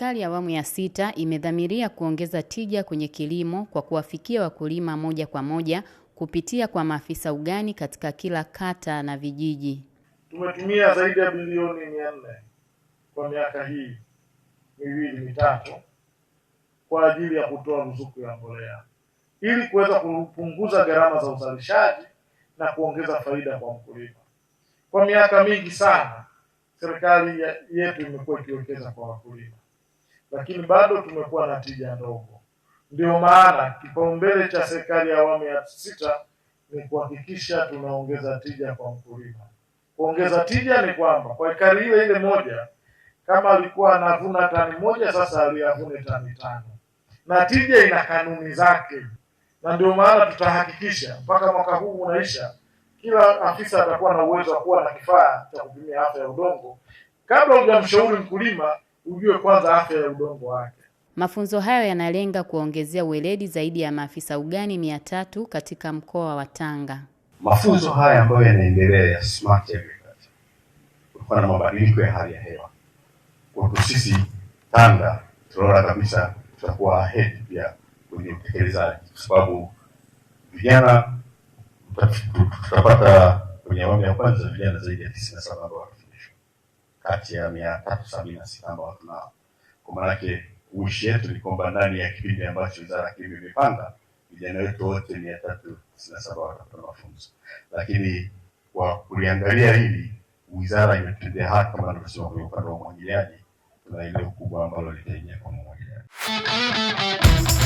Serikali ya awamu ya sita imedhamiria kuongeza tija kwenye kilimo kwa kuwafikia wakulima moja kwa moja kupitia kwa maafisa ugani katika kila kata na vijiji. Tumetumia zaidi ya bilioni mia nne kwa miaka hii miwili mitatu kwa ajili ya kutoa ruzuku ya mbolea ili kuweza kupunguza gharama za uzalishaji na kuongeza faida kwa mkulima. Kwa miaka mingi sana serikali yetu imekuwa ikiwekeza kwa wakulima lakini bado tumekuwa na tija ndogo. ndio maana kipaumbele cha serikali ya awamu ya sita ni kuhakikisha tunaongeza tija kwa mkulima. Kuongeza tija ni kwamba kwa ekari hiyo ile moja, kama alikuwa anavuna tani moja, sasa aliyavune tani tano, na tija ina kanuni zake, na ndio maana tutahakikisha mpaka mwaka huu unaisha, kila afisa atakuwa na uwezo wa kuwa na kifaa cha kupimia afya ya udongo kabla hujamshauri mkulima ujue kwanza afya ya udongo wake. Mafunzo hayo yanalenga kuongezea weledi zaidi ya maafisa ugani mia tatu katika mkoa wa Tanga. Mafunzo haya ambayo yanaendelea ya smart agriculture, kutokana na mabadiliko ya hali ya hewa, kwetu sisi Tanga tunaona kabisa tutakuwa ahead pia kwenye utekelezaji, kwa sababu vijana tutapata kwenye awamu ya kwanza vijana zaidi ya tisini na saba ambao kati ya mia tatu sabini na sita ambao tunao. Kwa maanake wishi yetu ni kwamba ndani ya kipindi ambacho wizara ya kilimo imepanga vijana wetu wote mia tatu tisini na saba watapata mafunzo, lakini kwa kuliangalia hili wizara imetendea haki kama anavyosema kwenye upande wa umwagiliaji, tuna eneo kubwa ambalo litaingia kwa umwagiliaji.